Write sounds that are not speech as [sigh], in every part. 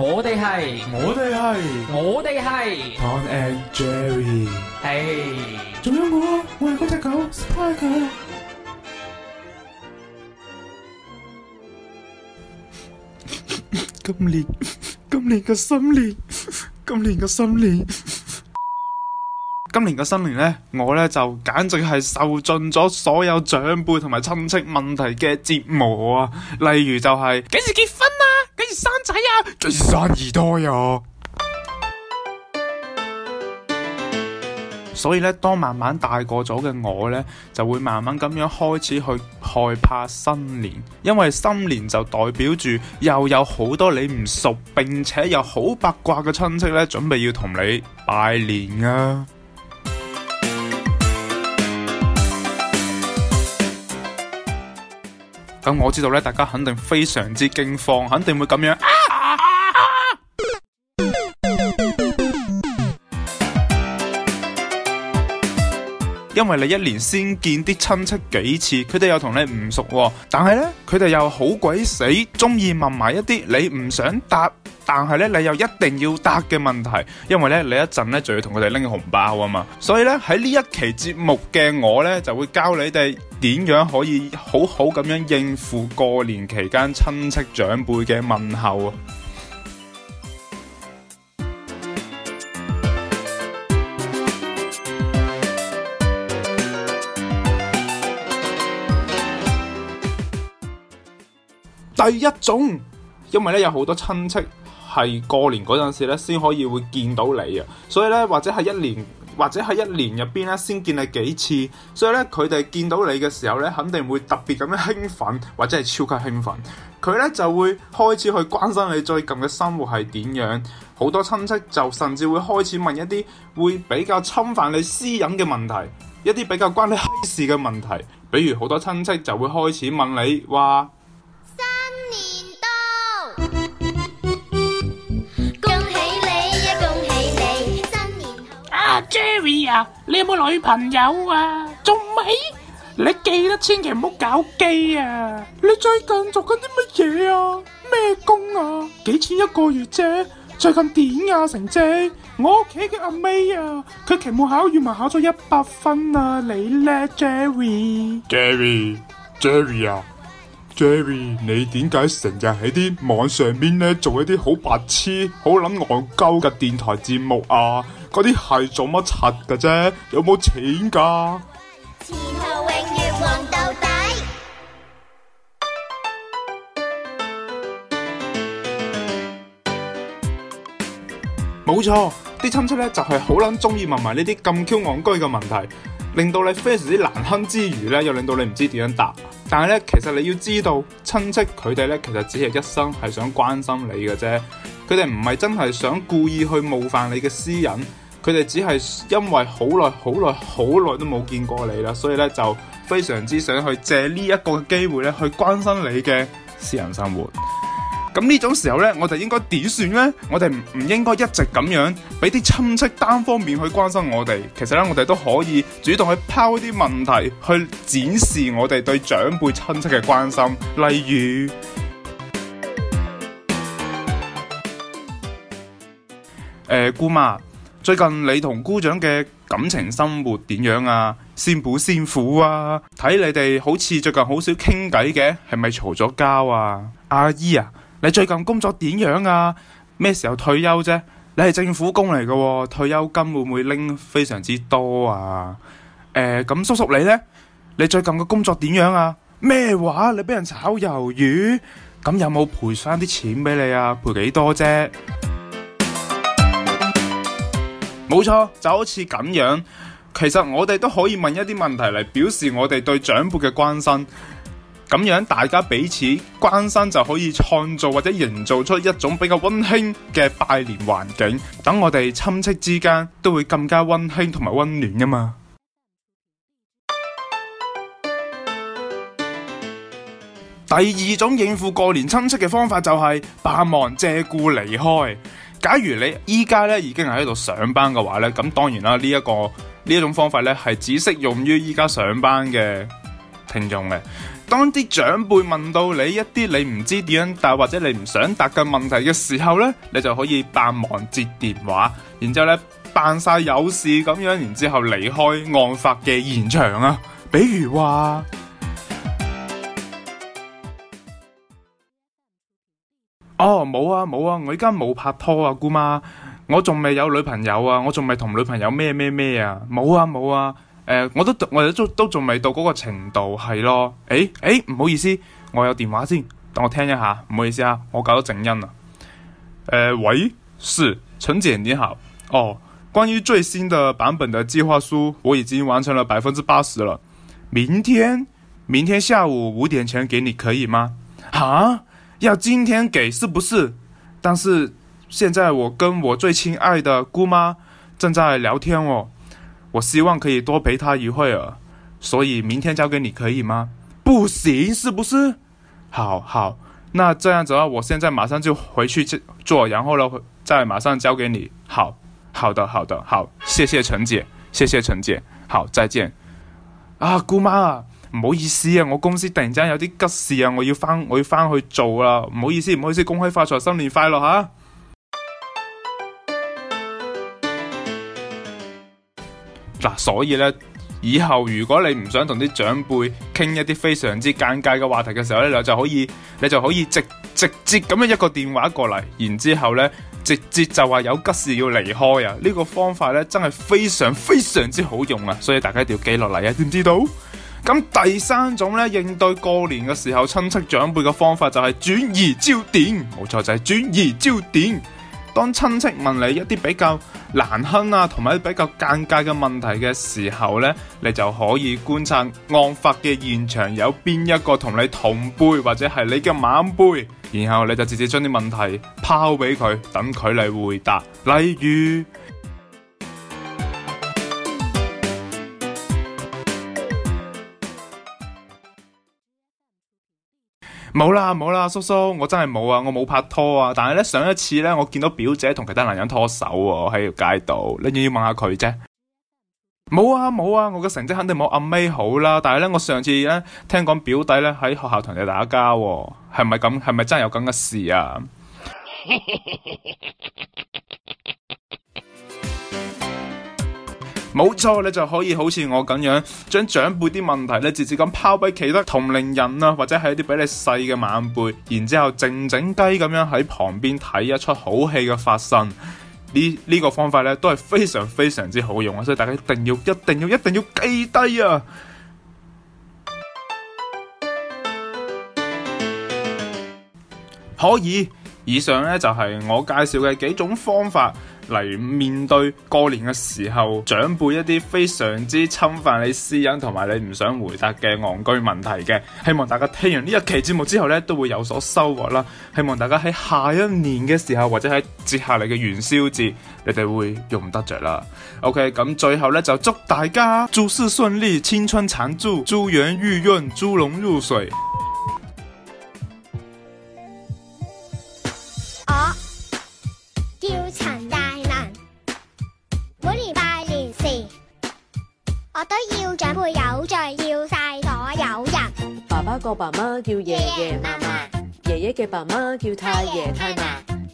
我哋係，我哋係，我哋係。Tom and Jerry，係。仲有我，我係嗰隻狗，Spy 狗。今年，今年嘅新年，今年嘅新年，今年嘅新年咧，我咧就簡直係受盡咗所有長輩同埋親戚問題嘅折磨啊！例如就係幾時結婚？最生仔啊，生二胎呀。所以咧，當慢慢大個咗嘅我咧，就會慢慢咁樣開始去害怕新年，因為新年就代表住又有好多你唔熟，並且又好八卦嘅親戚咧，準備要同你拜年啊。咁我知道咧，大家肯定非常之驚慌，肯定會咁樣。因為你一年先見啲親戚幾次，佢哋又同你唔熟啊，但係咧，佢哋又好鬼死中意問埋一啲你唔想答，但係咧，你又一定要答嘅問題，因為咧，你一陣咧就要同佢哋拎紅包啊嘛，所以咧，喺呢一期節目嘅我咧，就會教你哋點樣可以好好咁樣應付過年期間親戚長輩嘅問候。第一種，因為咧有好多親戚。係過年嗰陣時咧，先可以會見到你啊！所以咧，或者係一年，或者係一年入邊咧，先見你幾次。所以咧，佢哋見到你嘅時候咧，肯定會特別咁樣興奮，或者係超級興奮。佢咧就會開始去關心你最近嘅生活係點樣。好多親戚就甚至會開始問一啲會比較侵犯你私隱嘅問題，一啲比較關你閪事嘅問題。比如好多親戚就會開始問你話。Jerry 啊，你有冇女朋友啊？仲未？你記得千祈唔好搞基啊！你最近做緊啲乜嘢啊？咩工啊？幾錢一個月啫？最近點啊，成姐？我屋企嘅阿 May 啊，佢期末考語文考咗一百分啊！你叻，Jerry？Jerry？Jerry 啊？Jerry，你點解成日喺啲網上邊咧做一啲好白痴、好撚戇鳩嘅電台節目啊？嗰啲係做乜柒㗎啫？有冇錢噶？前途永遠黃到底。冇錯，啲親戚咧就係好撚鍾意問埋呢啲咁 Q 戇居嘅問題。令到你非常之難堪之餘咧，又令到你唔知點樣答。但係咧，其實你要知道，親戚佢哋咧，其實只係一生係想關心你嘅啫。佢哋唔係真係想故意去冒犯你嘅私隱，佢哋只係因為好耐、好耐、好耐都冇見過你啦，所以咧就非常之想去借呢一個機會咧，去關心你嘅私人生活。咁呢種時候呢，我哋應該點算呢？我哋唔唔應該一直咁樣俾啲親戚單方面去關心我哋。其實呢，我哋都可以主動去拋啲問題，去展示我哋對長輩親戚嘅關心。例如，呃，姑媽，最近你同姑丈嘅感情生活點樣啊？先苦先苦啊！睇你哋好似最近好少傾偈嘅，係咪嘈咗交啊？阿姨啊！你最近工作點樣啊？咩時候退休啫、啊？你係政府工嚟噶、哦，退休金會唔會拎非常之多啊？誒、呃，咁叔叔你呢？你最近嘅工作點樣啊？咩話？你俾人炒魷魚？咁有冇賠翻啲錢俾你啊？賠幾多啫？冇錯，就好似咁樣。其實我哋都可以問一啲問題嚟表示我哋對長輩嘅關心。咁樣大家彼此關心，就可以創造或者營造出一種比較溫馨嘅拜年環境，等我哋親戚之間都會更加溫馨同埋溫暖噶嘛。第二種應付過年親戚嘅方法就係霸忙借故離開。假如你依家咧已經係喺度上班嘅話咧，咁當然啦，呢、這、一個呢一種方法咧係只適用於依家上班嘅聽眾嘅。當啲長輩問到你一啲你唔知點樣答，或者你唔想答嘅問題嘅時候咧，你就可以扮忙接電話，然之後咧扮晒有事咁樣，然之後離開案發嘅現場啊！比如話， [music] 哦冇啊冇啊，我而家冇拍拖啊姑媽，我仲未有女朋友啊，我仲未同女朋友咩咩咩啊，冇啊冇啊。誒，我都我都仲未到嗰個程度係咯。誒誒，唔好意思，我有電話先，等我聽一下。唔好意思啊，我搞到靜音啦。誒，喂，是陳姐你好。哦，關於最新的版本的計劃書，我已經完成了百分之八十了。明天，明天下午五點前給你可以嗎？吓，要今天給是不是？但是現在我跟我最親愛的姑媽正在聊天哦。我希望可以多陪他一會兒，所以明天交給你可以嗎？不行是不是？好好，那這樣子啊，我現在馬上就回去做，然後呢再馬上交給你。好，好的，好的，好，謝謝陳姐，謝謝陳姐，好再見。啊，姑媽啊，唔好意思啊，我公司突然間有啲急事啊，我要翻我要翻去做啦，唔好意思，唔好意思，恭喜發財，新年快樂哈。嗱，所以咧，以後如果你唔想同啲長輩傾一啲非常之尷尬嘅話題嘅時候咧，你就可以，你就可以直直接咁樣一個電話過嚟，然之後咧，直接就話有急事要離開啊！呢個方法咧，真係非常非常之好用啊！所以大家一定要記落嚟啊，知唔知道？咁第三種咧，應對過年嘅時候親戚長輩嘅方法就係轉移焦點，冇錯就係轉移焦點。當親戚問你一啲比較難堪啊，同埋比較尷尬嘅問題嘅時候呢，你就可以觀察案發嘅現場有邊一個同你同輩或者係你嘅晚輩，然後你就直接將啲問題拋俾佢，等佢嚟回答。例如。冇啦冇啦，叔叔，我真係冇啊，我冇拍拖啊。但係咧上一次咧，我見到表姐同其他男人拖手喎，啊，喺條街度，你仲要問下佢啫。冇啊冇啊，我嘅成績肯定冇阿 May 好啦。但係咧，我上次咧聽講表弟咧喺學校同你打交，啊，係咪咁？係咪真係有咁嘅事啊？ [laughs] 冇錯，你就可以好似我咁樣，將長輩啲問題咧，直接咁拋俾其他同齡人啦，或者係一啲比你細嘅晚輩，然之後靜靜雞咁樣喺旁邊睇一出好戲嘅發生。呢呢個方法咧，都係非常非常之好用啊！所以大家一定要、一定要、一定要記低啊！可以，以上咧就係我介紹嘅幾種方法。嚟面對過年嘅時候，長輩一啲非常之侵犯你私隱同埋你唔想回答嘅戇居問題嘅，希望大家聽完呢一期節目之後咧，都會有所收穫啦。希望大家喺下一年嘅時候，或者喺接下嚟嘅元宵節，你哋會用得着啦。OK，咁最後咧就祝大家諸、啊、事順利，青春常豬，豬圓玉潤，豬籠入水。有罪，要晒所有人。爸爸個爸媽叫爺爺媽媽，爺爺嘅爸媽叫太爺太嫲。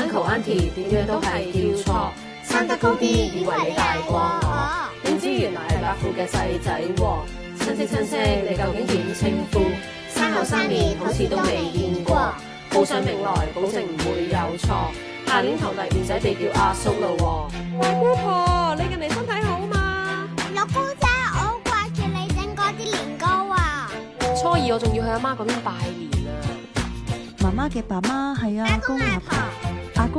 Uncle Auntie 點樣都係叫錯，生得高啲以為你大過我，點、哦、知原來係伯父嘅細仔。哦、親戚親戚你究竟點稱呼？生口、嗯、三年好似都未見過，報、嗯、上名來保證唔會有錯。下年徒弟唔使地叫阿叔啦。阿、哦、姑婆,婆，你近年身體好嘛？六姑姐，我好掛住你整嗰啲年糕啊！初二我仲要去阿媽嗰邊拜年啊！媽媽嘅爸媽係阿、啊、公阿婆。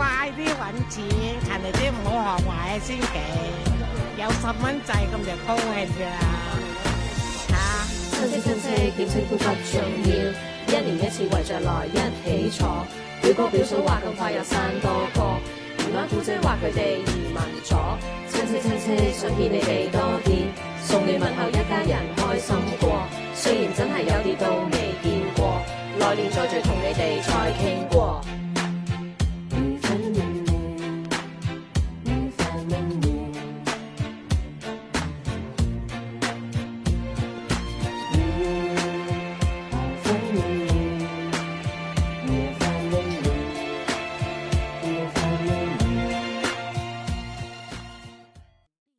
快啲揾錢，勤力啲唔好學壞先嘅，有十蚊滯咁就高興㗎啦。嚇、啊！親戚親戚點稱呼不重要，一年一次圍着來一起坐。表哥表嫂話咁快又生多個，原來姑姐話佢哋移民咗，親戚親戚想見你哋多啲，送你問候一家人開心過。雖然真係有啲都未見過，來年再聚同你哋再傾過。